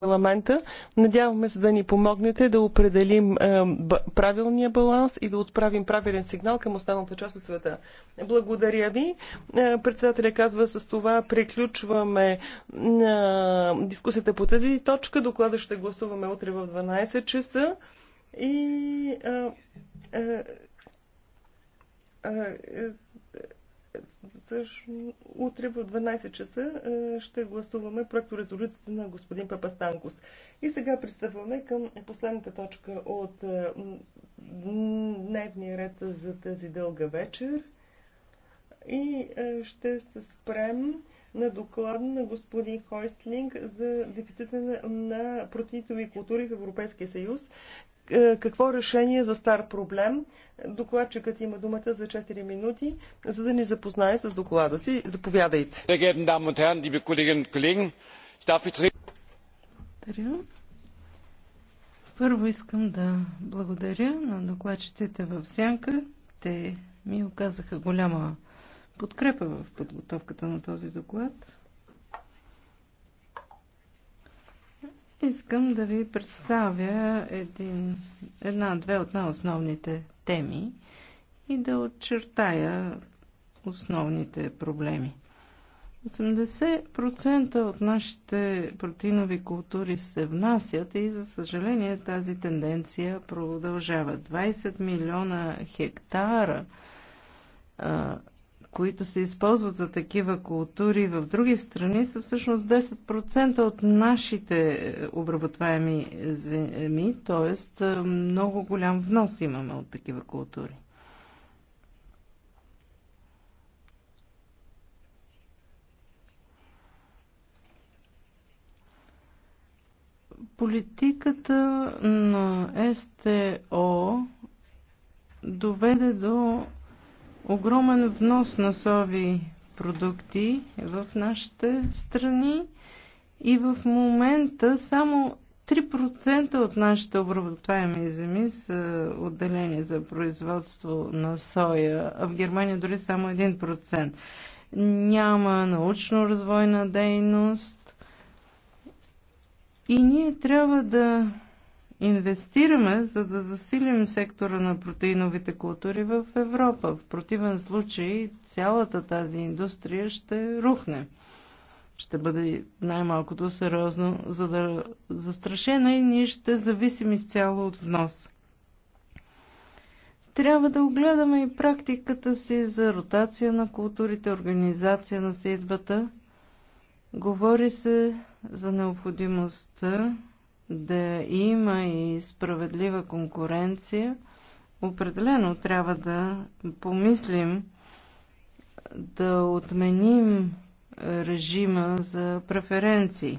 парламента. Надяваме се да ни помогнете да определим е, правилния баланс и да отправим правилен сигнал към останалата част от света. Благодаря ви. Е, председателя казва с това приключваме е, дискусията по тази точка. Доклада ще гласуваме утре в 12 часа. И е, е, е, утре в 12 часа е, ще гласуваме резолюцията на господин Папастанкос. И сега пристъпваме към последната точка от е, дневния ред за тази дълга вечер. И е, ще се спрем на доклад на господин Хойслинг за дефицита на протеинови култури в Европейския съюз е, какво решение за стар проблем. Докладчикът има думата за 4 минути, за да ни запознае с доклада си. Заповядайте. Първо искам да благодаря на докладчиците в Сянка. Те ми оказаха голяма подкрепа в подготовката на този доклад. Искам да ви представя един, една-две от най-основните теми и да отчертая основните проблеми. 80% от нашите протеинови култури се внасят и за съжаление тази тенденция продължава. 20 милиона хектара които се използват за такива култури в други страни, са всъщност 10% от нашите е, обработваеми земи, т.е. много голям внос имаме от такива култури. Политиката на СТО доведе до огромен внос на сови продукти в нашите страни и в момента само 3% от нашите обработваеми земи са отделени за производство на соя, а в Германия дори само 1%. Няма научно-развойна дейност и ние трябва да инвестираме, за да засилим сектора на протеиновите култури в Европа. В противен случай цялата тази индустрия ще рухне. Ще бъде най-малкото сериозно за да застрашена и ние ще зависим изцяло от внос. Трябва да огледаме и практиката си за ротация на културите, организация на седбата. Говори се за необходимостта да има и справедлива конкуренция, определено трябва да помислим да отменим режима за преференции.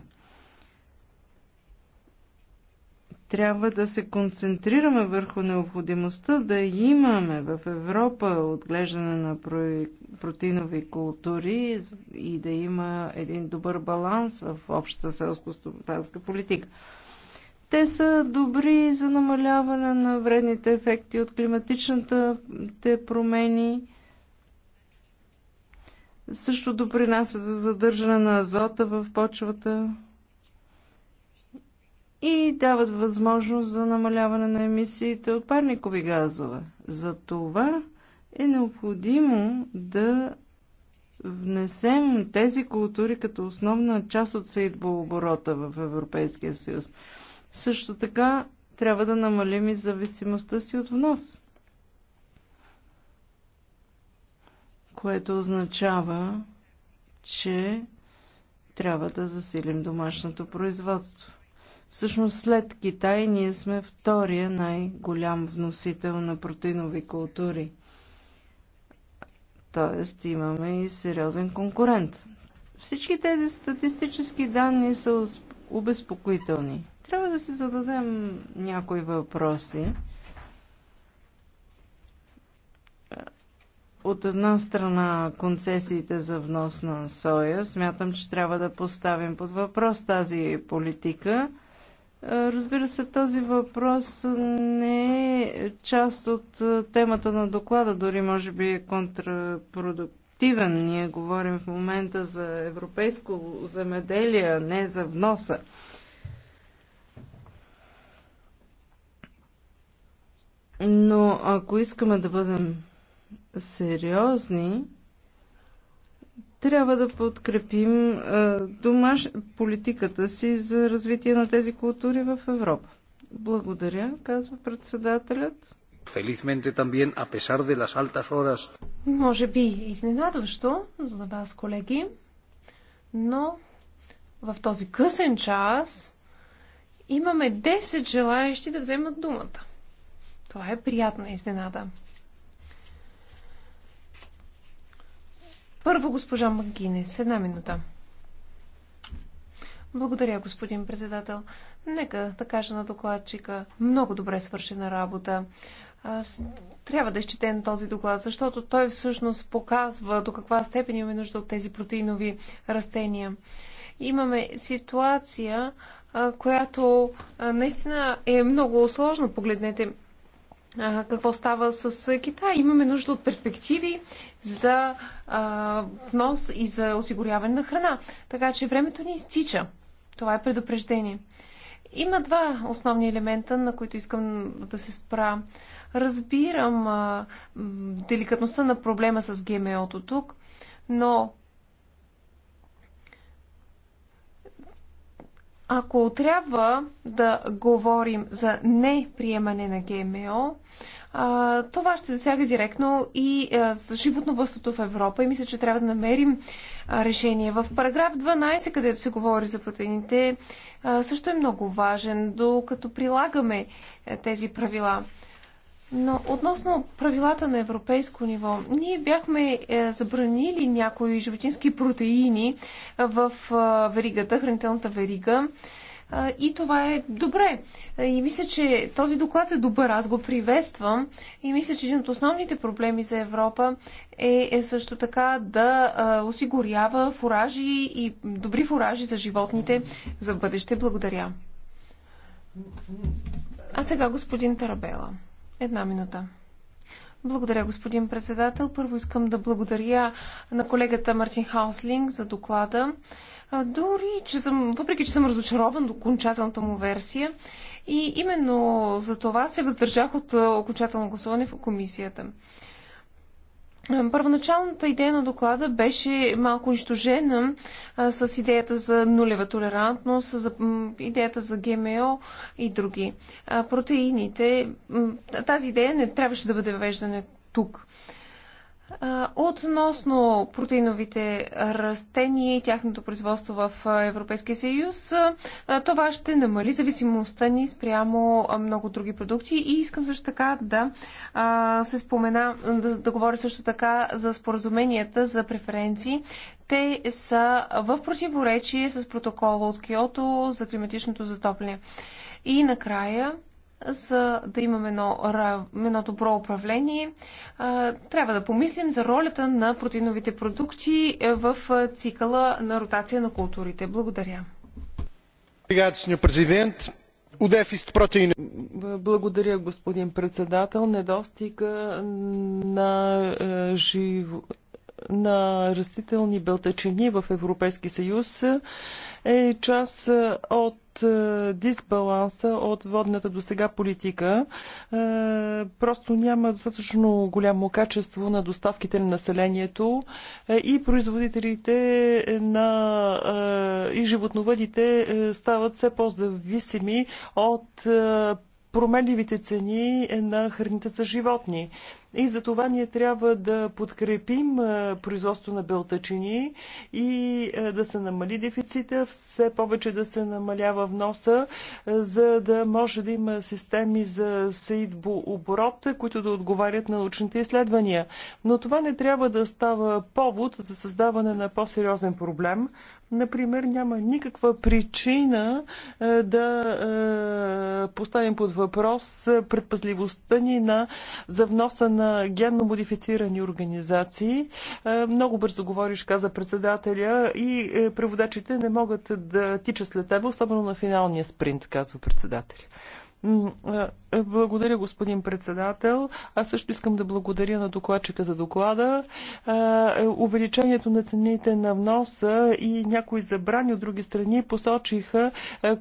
Трябва да се концентрираме върху необходимостта да имаме в Европа отглеждане на протеинови култури и да има един добър баланс в общата селско-стопанска политика. Те са добри за намаляване на вредните ефекти от климатичните промени. Също допринасят за задържане на азота в почвата и дават възможност за намаляване на емисиите от парникови газове. За това е необходимо да внесем тези култури като основна част от съидбооборота в Европейския съюз. Също така трябва да намалим и зависимостта си от внос. Което означава, че трябва да засилим домашното производство. Всъщност след Китай ние сме втория най-голям вносител на протеинови култури. Тоест имаме и сериозен конкурент. Всички тези статистически данни са обезпокоителни. Трябва да си зададем някои въпроси. От една страна концесиите за внос на соя, смятам, че трябва да поставим под въпрос тази политика. Разбира се, този въпрос не е част от темата на доклада, дори може би е контрапродуктивен ефективен. Ние говорим в момента за европейско земеделие, не за вноса. Но ако искаме да бъдем сериозни, трябва да подкрепим а, домаш... политиката си за развитие на тези култури в Европа. Благодаря, казва председателят. Felizmente también, a pesar de las altas horas. Може би изненадващо за вас, колеги, но в този късен час имаме 10 желаящи да вземат думата. Това е приятна изненада. Първо госпожа Магинес, една минута. Благодаря, господин председател. Нека да кажа на докладчика. Много добре свършена работа трябва да изчетем този доклад, защото той всъщност показва до каква степен имаме нужда от тези протеинови растения. Имаме ситуация, която наистина е много сложна. Погледнете какво става с Китай. Имаме нужда от перспективи за внос и за осигуряване на храна. Така че времето ни изтича. Това е предупреждение. Има два основни елемента, на които искам да се спра. Разбирам а, деликатността на проблема с ГМО-то тук, но ако трябва да говорим за неприемане на ГМО, това ще засяга директно и животновъдството в Европа и мисля, че трябва да намерим решение. В параграф 12, където се говори за протеините, също е много важен, докато прилагаме е, тези правила. Но относно правилата на европейско ниво, ние бяхме е, забранили някои животински протеини в е, веригата, хранителната верига и това е добре. И мисля, че този доклад е добър, аз го приветствам и мисля, че един от основните проблеми за Европа е, е също така да осигурява фуражи и добри фуражи за животните за бъдеще. Благодаря. А сега господин Тарабела. Една минута. Благодаря, господин председател. Първо искам да благодаря на колегата Мартин Хауслинг за доклада дори че съм, въпреки че съм разочарован до окончателната му версия. И именно за това се въздържах от окончателно гласуване в комисията. Първоначалната идея на доклада беше малко унищожена с идеята за нулева толерантност, за идеята за ГМО и други. А, протеините, тази идея не трябваше да бъде въвеждана тук. Относно протеиновите растения и тяхното производство в Европейския съюз, това ще намали зависимостта ни спрямо много други продукти. И искам също така да се спомена, да, да говоря също така за споразуменията за преференции. Те са в противоречие с протокола от Киото за климатичното затопляне. И накрая за да имаме едно, едно добро управление, трябва да помислим за ролята на протеиновите продукти е, в е, цикъла на ротация на културите. Благодаря. Благодаря, господин председател. Недостига на е, жив... на растителни белтъчини в Европейски съюз е част е, от е, дисбаланса от водната до сега политика. Е, просто няма достатъчно голямо качество на доставките на населението и производителите на, и животновъдите стават все по-зависими от променливите цени на храните за животни. И за това ние трябва да подкрепим производство на белтачини и да се намали дефицита, все повече да се намалява вноса, за да може да има системи за сейдбо оборот, които да отговарят на научните изследвания. Но това не трябва да става повод за създаване на по-сериозен проблем, Например, няма никаква причина да поставим под въпрос предпазливостта ни на, за вноса на генно модифицирани организации. Е, много бързо говориш, каза председателя, и е, преводачите не могат да тичат след тебе, особено на финалния спринт, казва председателя. Е, благодаря, господин председател. Аз също искам да благодаря на докладчика за доклада. Е, увеличението на цените на вноса и някои забрани от други страни посочиха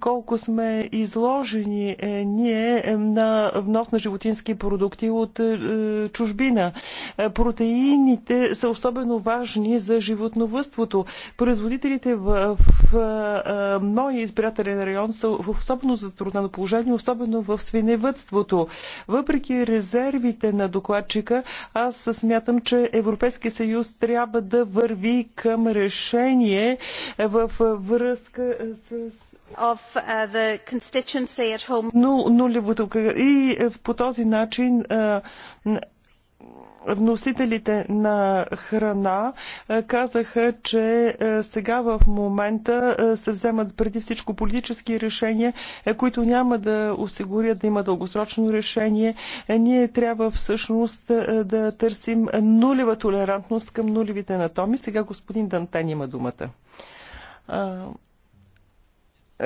колко сме изложени е, ние на внос на животински продукти от чужбина. Протеините са особено важни за животновътството. Производителите в моя избирателен район са в особено затруднено положение, особено особено в свиневътството. Въпреки резервите на докладчика, аз смятам, че Европейския съюз трябва да върви към решение в връзка с of uh, the constituency at home. Но, нулевото и по този начин вносителите на храна е, казаха, че е, сега в момента е, се вземат преди всичко политически решения, които няма да осигурят да има дългосрочно решение. Ние трябва всъщност да търсим нулева толерантност към нулевите анатоми. Сега господин Дантен има думата.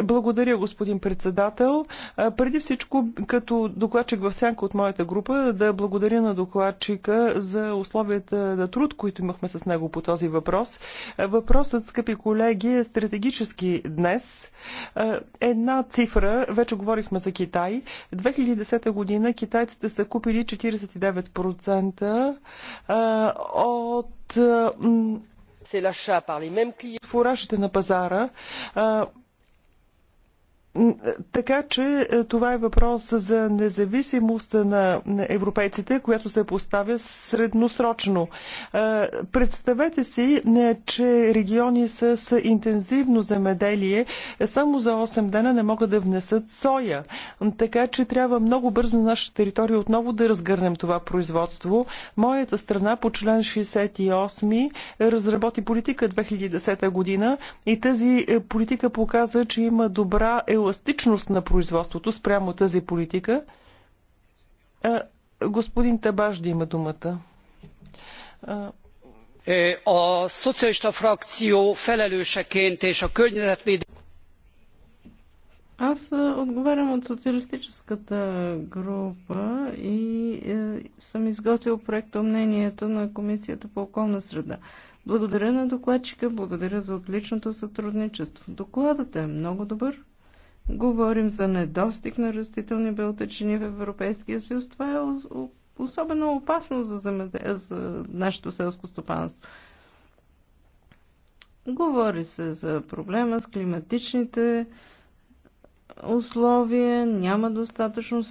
Благодаря, господин председател. Преди всичко, като докладчик в сянка от моята група, да благодаря на докладчика за условията на труд, които имахме с него по този въпрос. Въпросът, скъпи колеги, е стратегически днес. Една цифра, вече говорихме за Китай. 2010 година китайците са купили 49% от фуражите на пазара. Така че е, това е въпрос за независимостта на европейците, която се поставя средносрочно. Е, представете си, че региони с интензивно земеделие е, само за 8 дена не могат да внесат соя. Така че трябва много бързо на нашата територия отново да разгърнем това производство. Моята страна по член 68 разработи политика 2010 година и тази политика показа, че има добра е еластичност на производството спрямо тази политика. Господин Табажди има думата. A szocialista frakció felelőseként és a környezetvédelmi... Аз отговарям от социалистическата група и е, съм изготвил проекто мнението на Комисията по околна среда. Благодаря на докладчика, благодаря за отличното сътрудничество. Докладът е много добър. Говорим за недостиг на растителни белтъчини в Европейския съюз. Това е особено опасно за, земеде... за нашето селско стопанство. Говори се за проблема с климатичните условия, няма достатъчно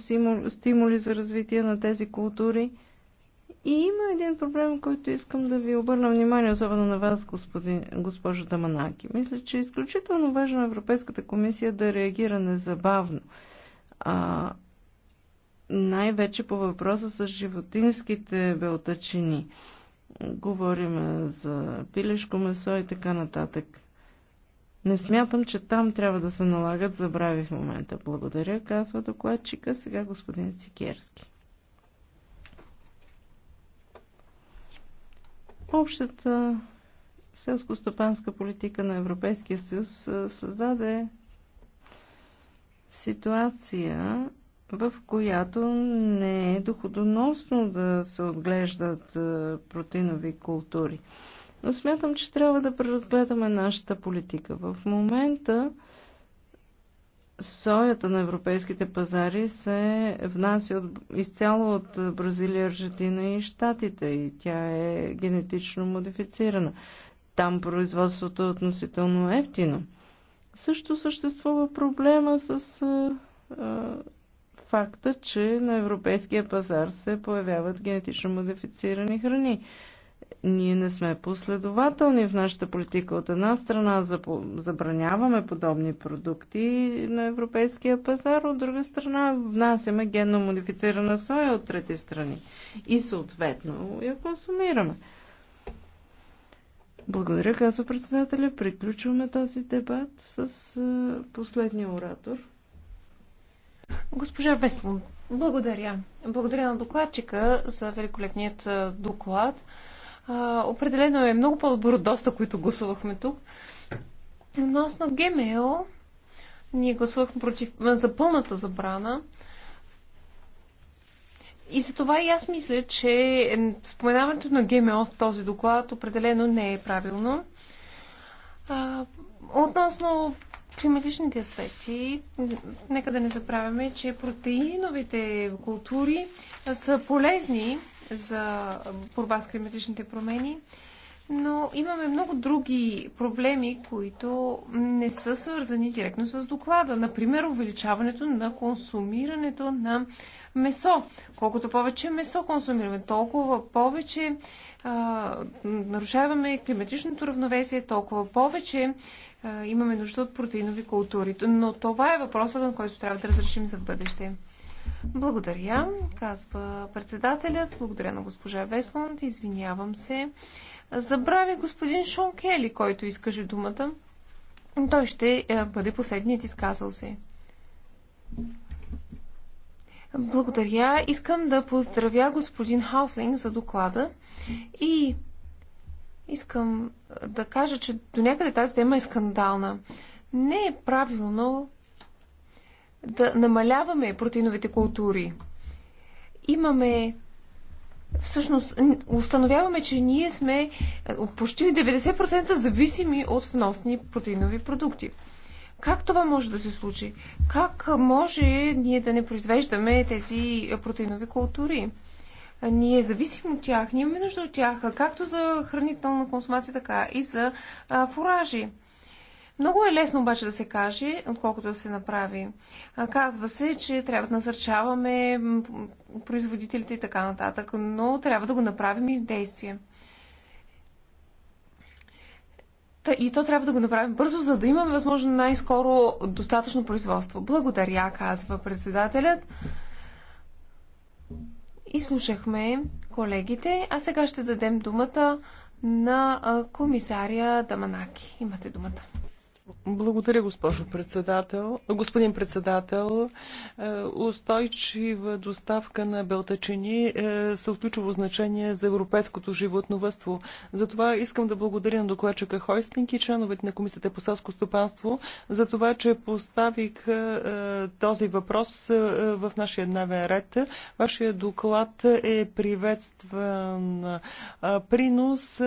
стимули за развитие на тези култури – и има един проблем, който искам да ви обърна внимание, особено на вас, господин, госпожо Даманаки. Мисля, че е изключително важно Европейската комисия да реагира незабавно. А, най-вече по въпроса с животинските белтачини. Говорим за пилешко месо и така нататък. Не смятам, че там трябва да се налагат забрави в момента. Благодаря, казва докладчика сега господин Цикерски. Общата селско-стопанска политика на Европейския съюз създаде ситуация, в която не е доходоносно да се отглеждат протеинови култури. Но смятам, че трябва да преразгледаме нашата политика. В момента соята на европейските пазари се внася от, изцяло от Бразилия, Аржентина и Штатите и тя е генетично модифицирана. Там производството е относително ефтино. Също съществува проблема с а, а, факта, че на европейския пазар се появяват генетично модифицирани храни. Ние не сме последователни в нашата политика. От една страна забраняваме подобни продукти на европейския пазар, от друга страна внасяме генно модифицирана соя от трети страни и съответно я консумираме. Благодаря, казва председателя. Приключваме този дебат с последния оратор. Госпожа Веслон, благодаря. Благодаря на докладчика за великолепният доклад. А, определено е много по добро от доста, които гласувахме тук. Относно ГМО, ние гласувахме против, за пълната забрана. И за това и аз мисля, че споменаването на ГМО в този доклад определено не е правилно. А, относно климатичните аспекти, нека да не забравяме, че протеиновите култури са полезни за борба с климатичните промени, но имаме много други проблеми, които не са свързани директно с доклада. Например, увеличаването на консумирането на месо. Колкото повече месо консумираме, толкова повече а, нарушаваме климатичното равновесие, толкова повече а, имаме нужда от протеинови култури. Но това е въпросът, на който трябва да разрешим за бъдеще. Благодаря, казва председателят. Благодаря на госпожа Веслунд. Извинявам се. Забравя господин Шон Кели, който искаше думата. Той ще е, бъде последният изказал се. Благодаря. Искам да поздравя господин Хауслинг за доклада и искам да кажа, че до някъде тази тема е скандална. Не е правилно да намаляваме протеиновите култури. Имаме всъщност установяваме, че ние сме е, почти 90% зависими от вносни протеинови продукти. Как това може да се случи? Как може ние да не произвеждаме тези протеинови култури? Ние зависим от тях, ние имаме нужда от тях, както за хранителна консумация, така и за а, фуражи. Много е лесно обаче да се каже, отколкото да се направи. Казва се, че трябва да насърчаваме производителите и така нататък, но трябва да го направим и в действие. И то трябва да го направим бързо, за да имаме възможно най-скоро достатъчно производство. Благодаря, казва председателят. И слушахме колегите, а сега ще дадем думата на комисаря Даманаки. Имате думата. Благодаря, госпожо председател. Господин председател, е, устойчива доставка на белтачини е, са от ключово значение за европейското животновътство. Затова искам да благодаря на докладчика Хойстинг и членовете на Комисията по селско стопанство за това, че поставих е, този въпрос в нашия дневен ред. Вашия доклад е приветстван принос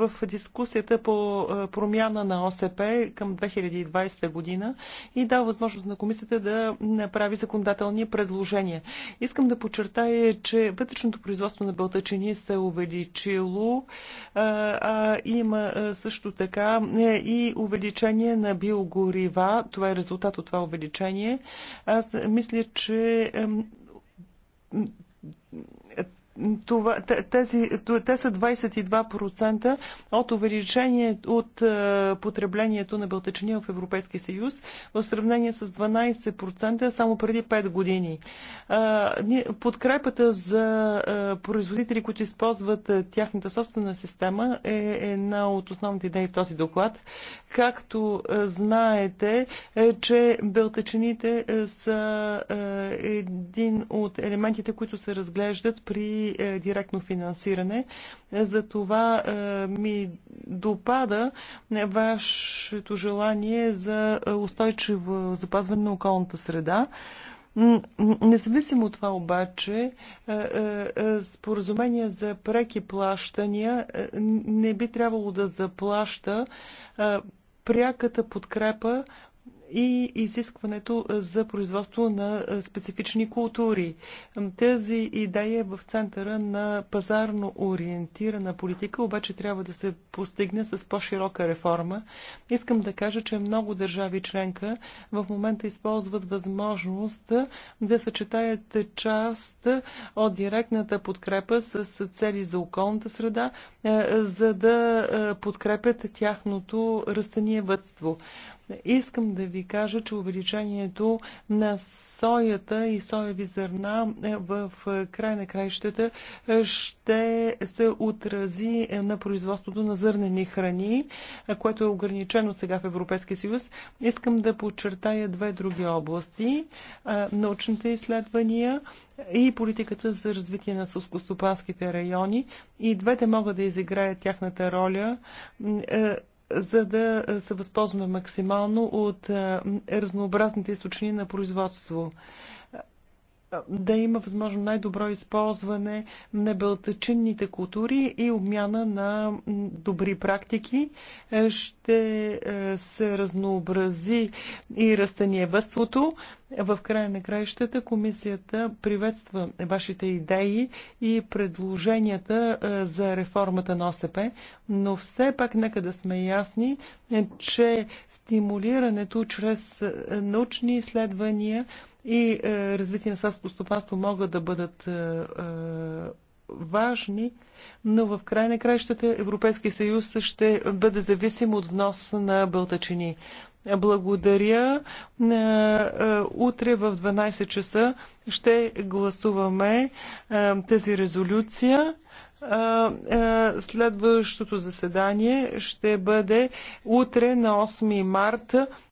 в дискусията по промяна промяна на ОСП към 2020 година и дава възможност на комисията да направи законодателни предложения. Искам да подчертая, че вътрешното производство на бълтачини се увеличило. А, има също така е, и увеличение на биогорива. Това е резултат от това увеличение. Аз мисля, че това, тези, те са 22% от увеличение от е, потреблението на белтъчини в Европейския съюз в сравнение с 12% само преди 5 години. Е, подкрепата за е, производители, които използват тяхната собствена система е една от основните идеи в този доклад. Както знаете, че белтъчините са един от елементите, които се разглеждат при е, директно финансиране. Е, за това е, ми допада вашето желание за устойчиво запазване на околната среда. Независимо от това обаче, споразумение за преки плащания не би трябвало да заплаща пряката подкрепа и изискването за производство на специфични култури. Тази идея е в центъра на пазарно ориентирана политика, обаче трябва да се постигне с по-широка реформа. Искам да кажа, че много държави членка в момента използват възможност да съчетаят част от директната подкрепа с цели за околната среда, за да подкрепят тяхното растениевътство. Искам да ви кажа, че увеличението на соята и соеви зърна е, в е, край на краищата е, ще се отрази на производството на зърнени храни, което е ограничено сега в Европейския съюз. Искам да подчертая две други области – научните изследвания и политиката за развитие на сълскостопанските райони. И двете могат да изиграят тяхната роля – за да се възползваме максимално от разнообразните източни на производство да има възможно най-добро използване на белтъчинните култури и обмяна на добри практики. Е, ще е, се разнообрази и растениевътството. В края на краищата комисията приветства вашите идеи и предложенията е, за реформата на ОСП, но все пак нека да сме ясни, че стимулирането чрез научни изследвания и е, развитие на селското стопанство могат да бъдат е, е, важни, но в край на краищата Европейски съюз ще бъде зависим от внос на бълтачини. Благодаря. Утре в 12 часа ще гласуваме тази резолюция. Следващото заседание ще бъде утре на 8 марта.